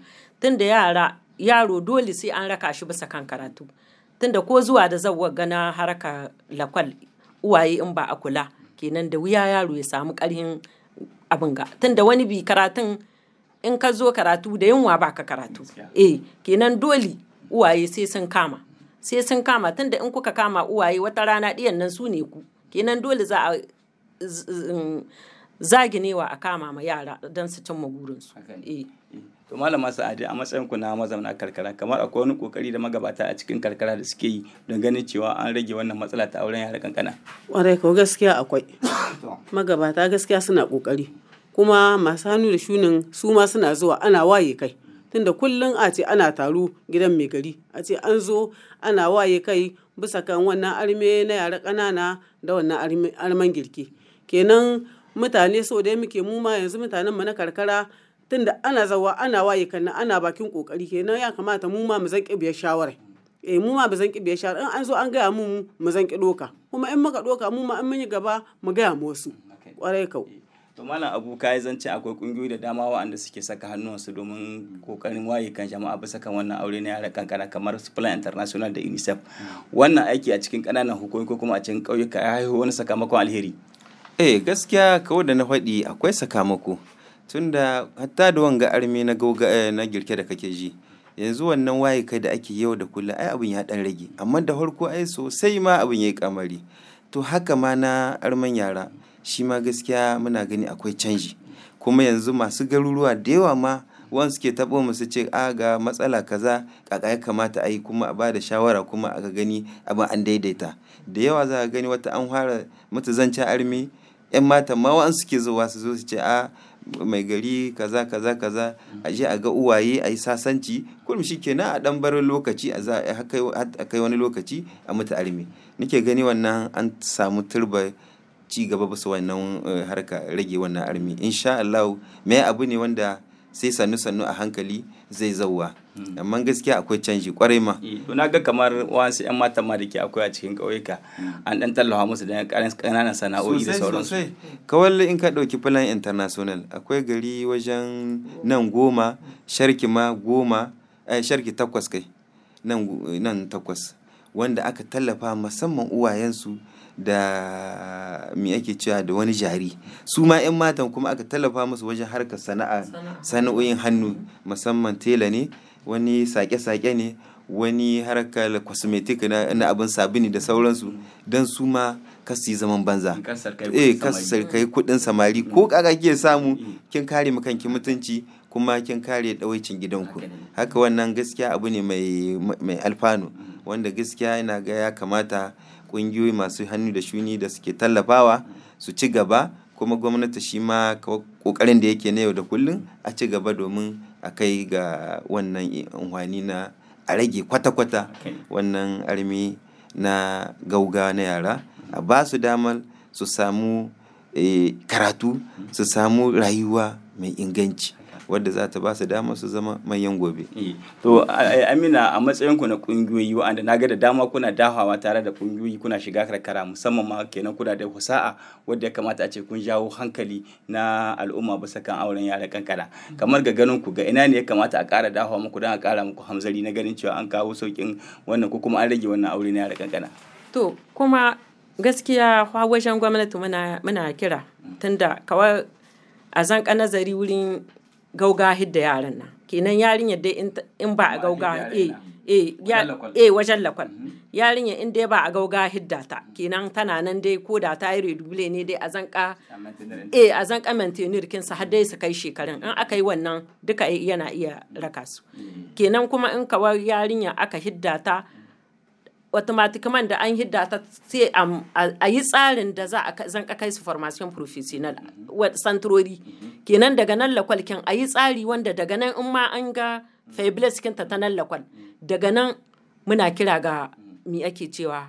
tunda yara yaro dole sai an raka shi bisa kan karatu tunda ko zuwa da zawwa gana haraka lakwal uwaye in ba a kula kenan da wuya yaro ya samu karhin abin ga tunda wani bi karatun in ka zo karatu da yunwa ba ka karatu eh kenan dole uwaye sai sun kama sai sun kama tunda in kuka kama uwaye wata rana ɗiyan nan su ne ku kenan dole za a zaginewa a kama ma yara don su cimma e. To malama Sa'adi a matsayin ku na mazauna karkara kamar akwai wani kokari da magabata a cikin karkara da suke yi don ganin cewa an rage wannan matsala ta auren yara kankana. Warai ko gaskiya akwai. Magabata gaskiya suna kokari. Kuma masu hannu da shunin su ma suna zuwa ana waye kai. Tunda kullum a ce ana taru gidan mai gari. A ce an zo ana waye kai bisa kan wannan arme na yara ƙanana da wannan arman girki. Kenan mutane sau da muke mu ma yanzu mu na karkara tunda ana zawa ana waye kan ana bakin kokari kenan ya kamata mu ma mu zan biyar shawara eh mu ma ba zan biyar shawara in an zo an gaya mu mu zan doka kuma in muka doka mu ma in mun yi gaba mu gaya mu wasu kwarai kau eh, to malam abu kai zance akwai kungiyoyi da dama waɗanda suke saka hannuwansu domin kokarin waye kan jama'a bisa kan wannan aure na yara kankana kamar su plan international da unicef hmm. wannan aiki a cikin kananan hukumomi ko kuma a cikin kauyuka ya haihu wani sakamakon alheri eh gaskiya kawai da na faɗi akwai sakamako tunda hatta da wanga armi na gauga eh, na girke da kake ji yanzu wannan waye kai da ake yau da kullum ai abin ya dan rage amma da farko ai sosai ma abin yayi kamari to haka ma na arman yara shi ma gaskiya muna gani akwai canji kuma yanzu masu garuruwa da yawa ma wani suke taɓo mu su ce a ga matsala kaza kaka ya kamata a yi kuma a ba da shawara kuma aka gani abin an daidaita da yawa za ka gani wata an fara mutu zanca armi yan mata ma wa'an suke zuwa su zo su ce a mai gari kaza kaza kaza a je a ga uwaye a yi sasanci kurum shi kenan a dan bar lokaci a kai wani lokaci a mutu arme nake gani wannan an samu turba ci gaba basu wannan eh, harka rage wannan armi insha Allah mai abu ne wanda sai sannu sannu a hankali zai zauwa amma gaskiya akwai canji kwarai ma eh, na ga kamar wasu yan mata ma da ke akwai a cikin ƙauyuka an dan tallafa musu da ƙananan sana'o'i da sauransu kawai in ka ɗauki plan international akwai gari wajen nan goma sharki ma goma eh, sharki takwas kai eh, nan takwas wanda aka tallafa musamman uwayensu da me ake cewa da wani jari su ma 'yan matan kuma aka tallafa musu wajen harkar sana'a sana'o'in hannu musamman tela ne wani sake-sake ne wani harkar cosmetic na abin sabini da sauransu don su ma kasu yi zaman banza eh kasar kai kudin samari ko kaka mm. ke samu mm. kin kare mu kanki mutunci kuma kin kare dawaicin gidanku haka wannan gaskiya abu ne mai alfanu mm. wanda gaskiya ina ga ya kamata ƙungiyoyi masu hannu da shuni da suke tallafawa su ci gaba kuma gwamnati shi ma ƙoƙarin da yake na yau da kullum a ci gaba domin a kai ga wannan unhwani na a rage kwata-kwata wannan armi na gauga na yara a ba su damar su samu eh, karatu su samu rayuwa mai inganci wadda za ta ba su dama su zama manyan gobe. Eh, to Amina a matsayin ku na kungiyoyi wa'anda na ga da dama kuna dahawa tare da kungiyoyi kuna shiga karkara musamman ma kenan kuna da husa'a wadda ya kamata a ce kun jawo hankali na al'umma bisa kan auren yara kankana. Kamar ga ganin ku ga ina ne ya kamata a ƙara dahawa muku don a ƙara muku hamzari na ganin cewa an kawo sauƙin wannan ko kuma an rage wannan aure na yara kankana. To kuma gaskiya wajen gwamnati muna kira tunda kawai a zanka nazari wurin gauga hidda yaran nan kenan yarinya dai in ba a gauga eh, eh, eh wajen lakwal mhm. yarinya in dai ba a gauga hidda ta kenan tana nan dai ko da ta yi redubule ne dai a zanka eh a zanka maintainer kin sa har dai su kai shekarun in aka yi wannan duka yana iya raka su mm. kenan kuma in kawar yarinya aka hidda ta automatiquement da an hidda ta sai a yi tsarin da za a zanka kai su formation professional santurori kenan daga nan lakwal kin a yi tsari wanda daga nan in ma an ga faibles kin ta nan lakwal daga nan muna kira ga mi ake cewa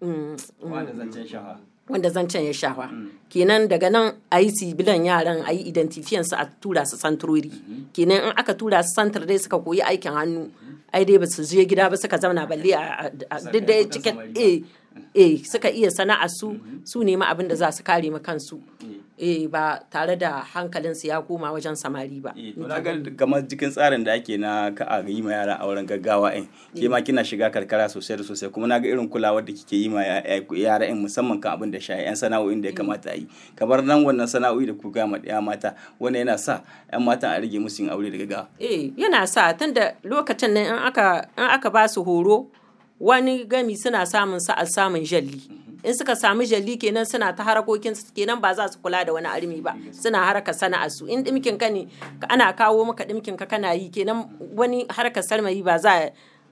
mm, mm. wanda zancen ya shawa kenan daga nan a yi sibilan yaran a yi identifiyan su a tura su santurori kenan in aka tura su santar dai suka koyi aikin hannu ai dai ba su je gida ba suka zauna balle a duk cikin eh, eh suka iya sana'a su su nema abin da za su kare ma kansu eh. eh ba tare da hankalinsu ya koma wajen samari ba. Eh, to na ga kamar jikin tsarin da ake na ka a yi ma yara auren gaggawa in ke ma kina shiga karkara sosai da sosai kuma na ga irin kulawar da kike yi ma yara in musamman kan abin da sha yan sana'o'in da ya eh. kamata a yi kamar nan wannan sana'o'i da kuka ma ɗaya mata wanda yana sa yan matan a rage musu yin aure da gaggawa. eh yana sa tun da lokacin nan in aka in aka ba su horo wani gami suna samun sa'ar samun jalli. Mhm. in suka samu jalli kenan suna ta harakokin su kenan ba za su kula da wani armi ba suna haraka sana'a su in dimkin ka ne ana kawo maka dimkin ka kana yi kenan wani harkar sarmayi ba za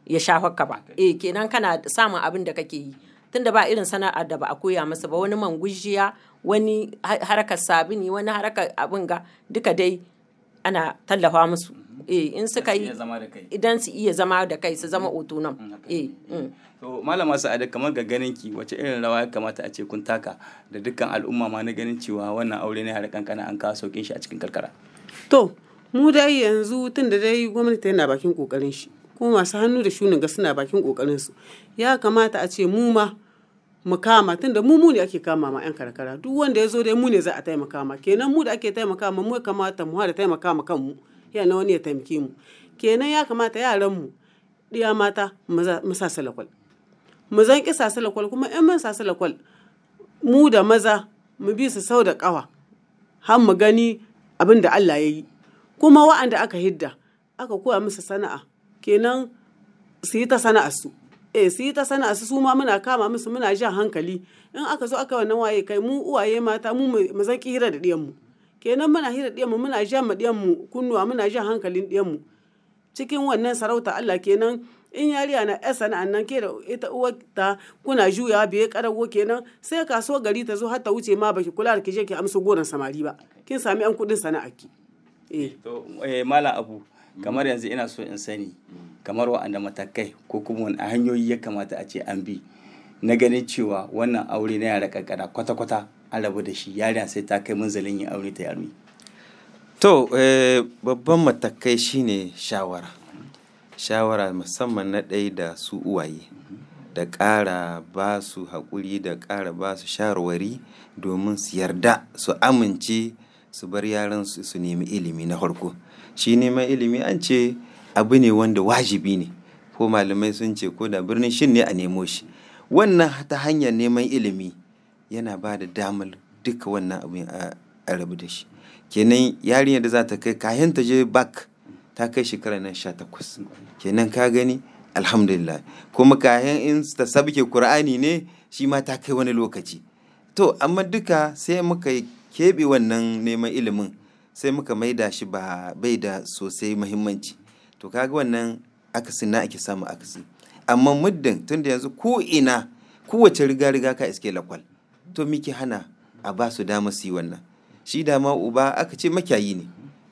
ya sha ka ba eh kenan kana samun abin da kake yi tunda ba irin sana'ar da ba a koya masa ba wani mangujiya wani harkar sabini wani harkar abin ga duka dai ana tallafa musu eh in suka yi idan su iya zama da kai su zama mm-hmm. otonom mm, eh mm. to malama sa'ada kamar ga ganin ki wace irin rawa ya kamata a ce kun taka da dukkan al'umma ma na ganin cewa wannan aure ne har kankana an kawo saukin shi a cikin karkara to mu dai yanzu tun da dai gwamnati yana bakin kokarin shi ko masu hannu da shunin ga suna bakin kokarin su ya kamata a ce mu ma mu kama tun da mu mu ne ake kama ma yan karkara duk wanda ya zo dai mu ne za a taimaka ma kenan mu da ake taimaka ma mu kamata mu da taimaka ma kanmu ya na wani ya tamke mu kenan ya kamata yaran mu diya mata mu sa su mu zan ki sa kuma in mun sa mu da maza mu bi su sau da kawa har mu gani abin da Allah ya yi kuma wa'anda aka hidda aka koya musu sana'a kenan su yi ta sana'a su eh su yi ta sana'a su ma muna kama musu muna jan hankali in aka zo aka wannan waye kai mu uwaye mata mu mu zan hira da ɗiyan mu kenan muna hira ɗiyanmu muna jan ma ɗiyanmu kunnuwa muna jan hankalin ɗiyanmu cikin wannan sarauta Allah kenan in yariya na ƴar sana'an nan ke da ita uwarta kuna juyawa biye karago kenan sai ka so gari ta zo har ta wuce ma baki kula da kije ki amsa goran samari ba kin sami yan kuɗin sana'arki eh, eh to eh mala abu kamar yanzu ina so in sani kamar wa'anda matakai ko kuma wani hanyoyi ya kamata a ce an bi na ganin cewa wannan aure na yara kankana kwata-kwata alabu da shi yarinya sai ta kai manzalin yin aure ta yarmi to eh, babban matakai shine shawara shawara musamman na ɗaya da su uwaye da ƙara ba su haƙuri da ƙara ba su shawarwari domin su yarda su amince su bar yaran su nemi ilimi na farko shi neman ilimi an ce abu ne wanda wajibi ne ko malamai sun ce ko da birnin shin ne a nemo shi wannan ta hanyar neman ilimi yana ba da damar duka wannan abin a rabu da shi kenan yarinyar da za ta kai kayan ta je bak ta kai shekara nan sha takwas kenan ka gani alhamdulillah kuma kayan in ta sabke kur'ani ne shi ma ta kai wani lokaci to amma duka sai muka keɓe wannan neman ilimin sai muka maida shi ba bai da sosai muhimmanci to kaga wannan akasi na ake samu akasi amma muddin tunda yanzu ko ina kowace riga riga ka iske lakwal to miki hana a ba su dama su yi wannan shi dama uba aka ce makiyayi ne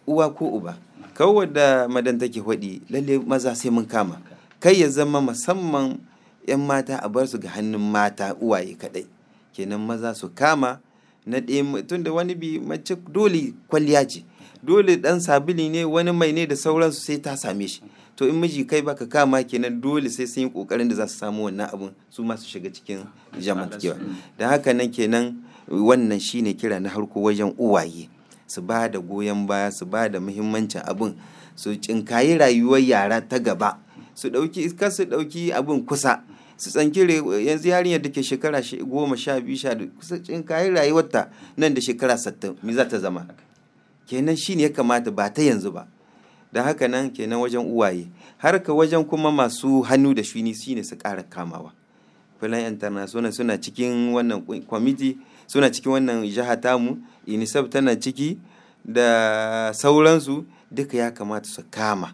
uwa ko uba kawai wadda madan take hwaɗi lalle maza sai mun kama kai ya zama musamman 'yan mata a bar su ga hannun mata uwaye kaɗai kenan maza su kama na ɗaya tun da wani bi mace dole kwalliya ce dole ɗan sabili ne wani mai ne da sauransu sai ta same shi to in miji kai baka kama kenan dole sai sun yi kokarin da za su samu wannan abun su masu shiga cikin zamantakewa mm. da haka nan kenan wannan shine kira na harko wajen uwaye su ba da goyon baya su ba da muhimmancin abun su cinkayi rayuwar yara ta gaba su dauki kar su ɗauki abin kusa su tsankire yanzu yarinyar da ke shekara goma sha biyu sha kusa cinkayi rayuwarta nan da shekara sattin me za ta zama kenan shine ya kamata ba ta yanzu ba da haka nan kenan wajen uwaye harka wajen kuma masu hannu da shuni shi ne su ƙara kamawa filan international suna cikin wannan kwamiti suna cikin wannan jiha tamu unicef tana ciki da sauransu duka ya kamata su kama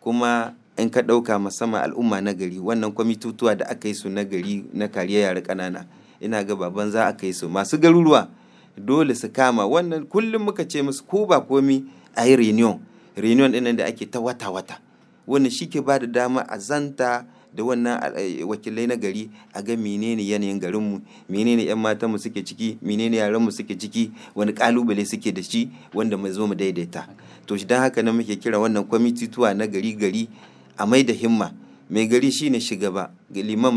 kuma in ka ɗauka musamman al'umma na gari wannan kwamitutuwa da aka yi su na gari na kariya yara ƙanana ina ga baban za aka yi su masu garuruwa dole su kama wannan kullum muka ce musu ko ba komi a yi reunion reunion ɗin da ake ta wata-wata wannan shi ke ba da dama a zanta da wannan eh, wakilai na gari a ga menene yanayin garinmu menene 'yan matan mu suke ciki menene mu suke ciki wani kalubale suke da shi wanda mai zo mu daidaita to shi don haka nan muke kira wannan tuwa na gari gari a mai da himma mai gari shine shugaba liman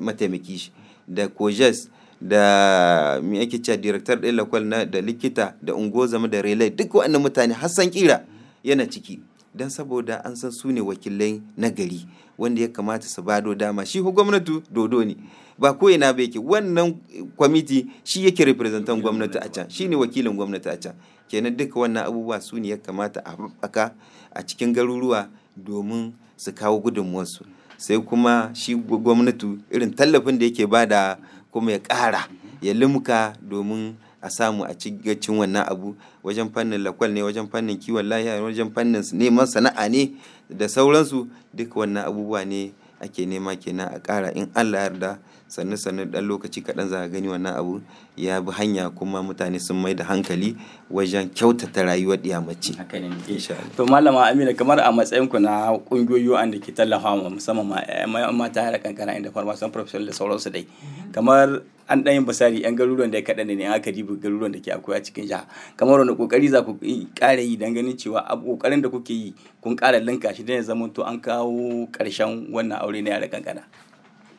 mataimaki shi da kojes da mi ake cewa director ɗin lakwal da likita da ungozama da relay duk waɗannan mutane hassan kira yana ciki don saboda an san su ne wakilai nagari wanda ya kamata su bado dama shi ko gwamnati dodo ne ba ko ina ba yake wannan kwamiti shi yake representan gwamnati a can shi ne wakilin gwamnati a can kenan duka wannan abubuwa su ne ya kamata a haɓaka a cikin garuruwa domin su kawo gudunmuwarsu sai kuma shi gwamnati irin tallafin da yake bada kuma ya ƙara ya limka domin a samu a cigacin wannan abu wajen fannin lakwal ne wajen fannin kiwon lahiya wajen fannin neman sana'a ne da sauransu duk wannan abubuwa ne ake nema kenan a ƙara in Allah yarda sannu sannu dan lokaci kaɗan za ka gani wannan abu ya bi hanya kuma mutane sun mai da hankali wajen kyautata rayuwar ɗiyamace. Eh. To malama Amina kamar a matsayin ku na ƙungiyoyi wanda ke tallafa ma musamman eh, mata da kankana inda farmasan professional da sauransu dai. Kamar an ɗan yin basari yan garuruwan da ya kaɗan ne aka dibi garuruwan da ke akwai a cikin jiha kamar wani ƙoƙari za ku ƙara yi don ganin cewa a ƙoƙarin da kuke yi kun ƙara linka shi ne ya zama to an kawo ƙarshen wannan aure na yara kankana.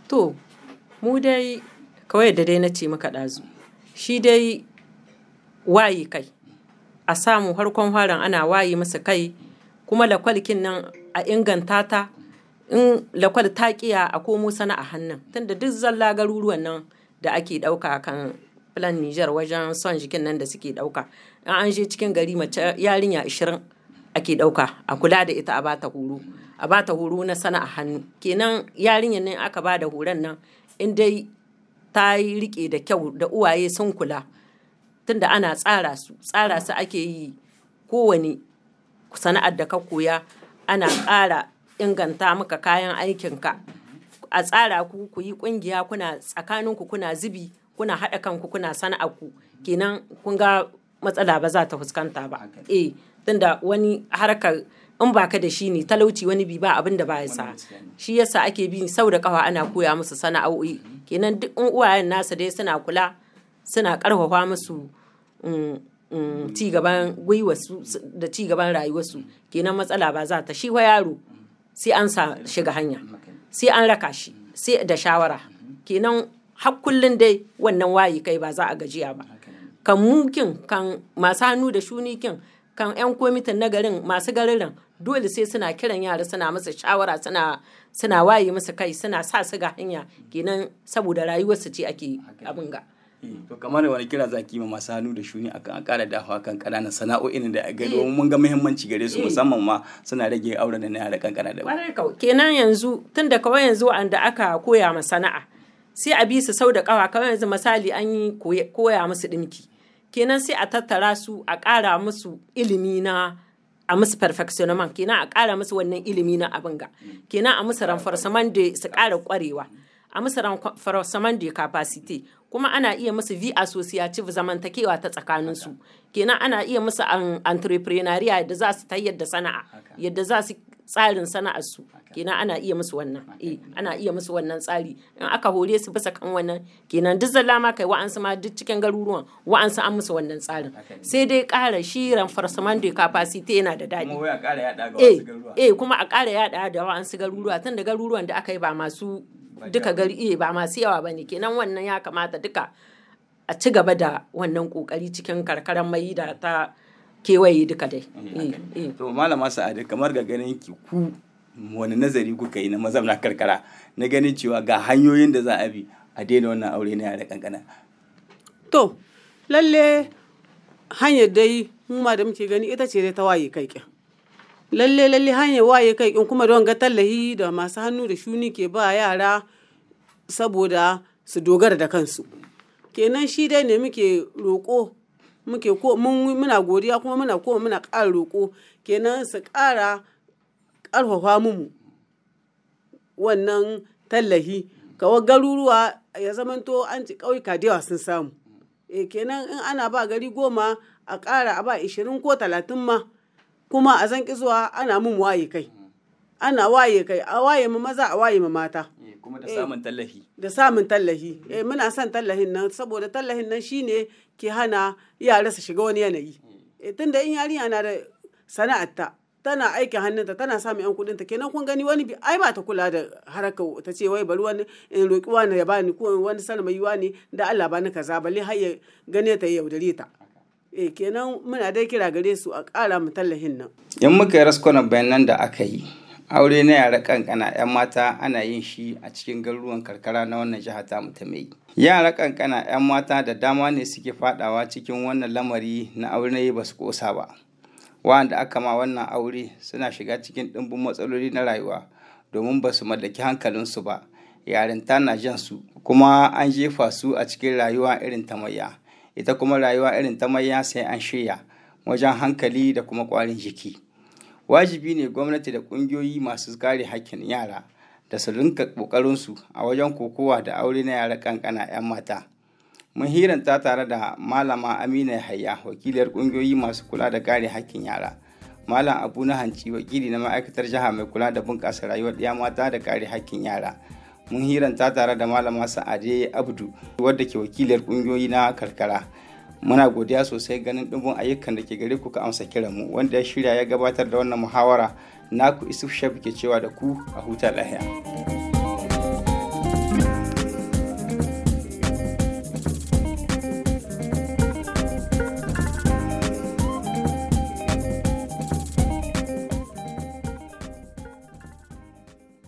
to mu dai kawai da dai na ce maka ɗazu shi dai wayi kai a samu harkon faran ana wayi masa kai kuma lakwalkin nan a inganta ta in lakwal ta kiya a komo a hannun tunda duk zalla garuruwan nan da ake ɗauka kan filan Nijar wajen son jikin nan da suke ɗauka in an je cikin gari mace yarinya ashirin ake ɗauka a kula da ita a bata horo a bata horo na a hannu kenan yarinyar nan aka ba da horon nan in dai ta yi riƙe da kyau da uwaye sun kula tunda ana tsara su tsara su ake yi kowane sana'ar da ka koya ana ƙara inganta maka kayan aikinka a tsara ku ku yi ƙungiya kuna tsakaninku kuna zubi kuna haɗa kanku kuna sana'ar ku kenan kun ga matsala ba za ta fuskanta ba eh tunda wani harkar in baka da shi ne talauci wani bi ba abin da ba ya sa shi yasa ake bi sau da kawa ana koya musu sana'o'i kenan duk in uwayen nasa dai suna kula suna karfafa musu mm, mm, cigaban gwiwa gwiwarsu da cigaban rayuwarsu kenan matsala ba za ta shi wa yaro sai an sa shiga hanya sai an raka shi sai da shawara kenan har kullun dai wannan waye kai ba za a gajiya ba kan mukin kan masu hannu da shunikin kan 'yan kwamitin na garin masu garin dole sai suna kiran yara suna masa shawara suna suna waye musu kai suna sa su ga hanya ginan saboda rayuwar su ce ake abin ga eh, to kamar wani kira za ki ma masu hannu da shuni akan a da dafa kan ƙananan sana'o'in da a ga eh. mun ga muhimmanci gare su eh. musamman ma suna rage auren da na yara kankana da kenan yanzu tun da kawai yanzu an da aka koya ma sana'a sai a bi su sau da kawa kawai yanzu misali an yi koya musu ɗinki kenan sai a tattara su a ƙara musu ilimi na a musu perfectionnement kenan a ƙara musu wannan ilimi na abin ga kenan a musu renforcement da su ƙara ƙwarewa a musu renforcement da capacity kuma ana iya musu vi associative zamantakewa ta tsakanin su kenan ana iya musu entrepreneurial yadda za su ta yadda sana'a yadda za su tsarin su. kenan ana iya musu wannan eh ana iya musu wannan tsari in aka hore su bisa kan wannan kenan duk zalla ma kai wa'ansu ma duk cikin garuruwan wa'ansu an musu wannan tsarin sai dai ƙara shi reinforcement de capacity yana da daɗi kuma ya ƙara yada ga eh, wasu garuruwa eh kuma a ƙara yada da wa'ansu garuruwa tunda garuruwan da aka yi ba masu duka gari eh, ba masu yawa bane kenan wannan ya kamata duka a ci gaba da wannan kokari cikin karkaran mai da ta kewaye duka dai. Eh, to malama sa'adu kamar ga ganin ki ku wani nazari kuka yi na mazauna karkara na ganin cewa ga hanyoyin da za a bi a daina wannan aure na yara kankana to lalle hanyar dai mu ma da muke gani ita ce dai ta waye kai kin lalle lalle hanyar waye kai kin kuma don ga tallahi da masu hannu da shuni ke ba yara saboda su dogara da kansu kenan shi dai ne muke roƙo muke ko muna godiya kuma muna ko muna ƙara roƙo kenan su ƙara ƙarfafa mun wannan tallahi kawai garuruwa ya zamanto an ci ƙauyuka da sun samu e kenan in ana ba gari goma a ƙara a ba ishirin ko talatin ma kuma a zan zuwa ana mun waye kai ana waye kai a waye ma maza a waye ma mata eh, kuma da eh, samun tallahi da samun tallahi eh muna son tallahin nan saboda tallahin nan shine ke hana yara su shiga wani yanayi eh tunda in yarinya na da sana'ar tana aikin hannunta tana samun yan ta kenan kun gani wani bi ai ba ta kula da haraka ta ce wai bari wani in roki wani ya bani ko wani sana mai yiwa ne da Allah bani kaza balle har ya gane ta yaudare ta eh kenan muna dai kira gare su a ƙara mu tallahin nan in muka yi raskona bayanan da aka yi aure na yara kankana 'yan mata ana yin shi a cikin garuruwan karkara na wannan jiha ta ta mai yara kankana 'yan mata da dama ne suke fadawa cikin wannan lamari na aure na yi ba su kosa ba waɗanda aka ma wannan aure suna shiga cikin ɗimbin matsaloli na rayuwa domin ba su mallaki hankalinsu ba yarinta na jan su kuma an jefa su a cikin rayuwa irin ta mayya ita kuma rayuwa irin ta mayya sai an shirya wajen hankali da kuma ƙwarin jiki wajibi ne gwamnati da ƙungiyoyi masu kare hakkin yara da su rinka ƙoƙarinsu a wajen kokowa da aure na yara ƙanƙana 'yan mata mun hiranta tare da malama amina hayya wakiliyar kungiyoyi masu kula da kare hakkin yara malam abu na hanci wakili na ma'aikatar jiha mai kula da bunƙasa rayuwar ɗiya mata da kare hakkin yara mun hiranta tare da malama sa'ade abdu wadda ke wakiliyar kungiyoyi na karkara muna godiya sosai ganin ɗumbin ayyukan da ke gare ku ka amsa kiran mu wanda ya shirya ya gabatar da wannan muhawara naku isuf shafi ke cewa da ku a huta lahiya.